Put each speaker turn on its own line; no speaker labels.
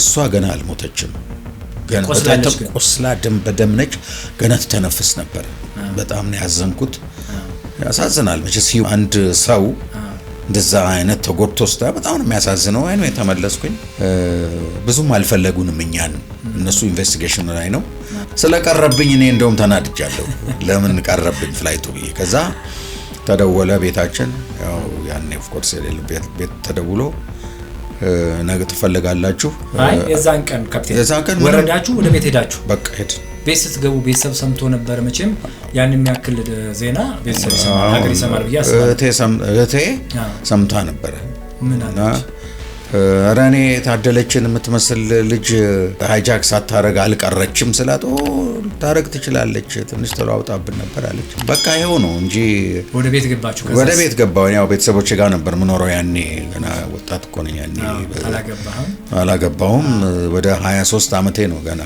እሷ ገና አልሞተችም። ቆስላ ደም በደም ነች። ገና ትተነፍስ ነበር። በጣም ነው ያዘንኩት። ያሳዝናል። መቼስ አንድ ሰው እንደዛ አይነት ተጎድቶ ስታ በጣም ነው የሚያሳዝነው። አይ ነው የተመለስኩኝ። ብዙም አልፈለጉንም እኛን፣ እነሱ ኢንቨስቲጌሽኑ ላይ ነው ስለቀረብኝ። እኔ እንደውም ተናድጃለሁ። ለምን ቀረብኝ ፍላይቱ ብዬ። ከዛ ተደወለ ቤታችን፣ ያው ያኔ ኦፍኮርስ የሌለ ቤት ተደውሎ ነገ ትፈልጋላችሁ።
የዛን ቀን ካፕቴን የዛን ቀን ወረዳችሁ፣ ወደ ቤት ሄዳችሁ በቃ ሄድ ቤት ስትገቡ ቤተሰብ ሰምቶ ነበር። መቼም ያን የሚያክል ዜና ቤተሰብ ይሰማል፣ ሀገር ይሰማል ብዬ አስባለሁ።
እህቴ ሰምታ ነበረ ምን አለች? እኔ ታደለችን የምትመስል ልጅ ሃይጃክ ሳታረግ አልቀረችም ስላት ታረግ ትችላለች፣ ትንሽ ተለዋውጣብን ነበር አለች። በቃ ይኸው ነው እንጂ
ወደ ቤት ገባችሁ?
ወደ ቤት ገባሁ። ያው ቤተሰቦች ጋር ነበር ምኖረው ያኔ ገና ወጣት እኮ ነኝ ያኔ አላገባሁም። ወደ 23 ዓመቴ ነው ገና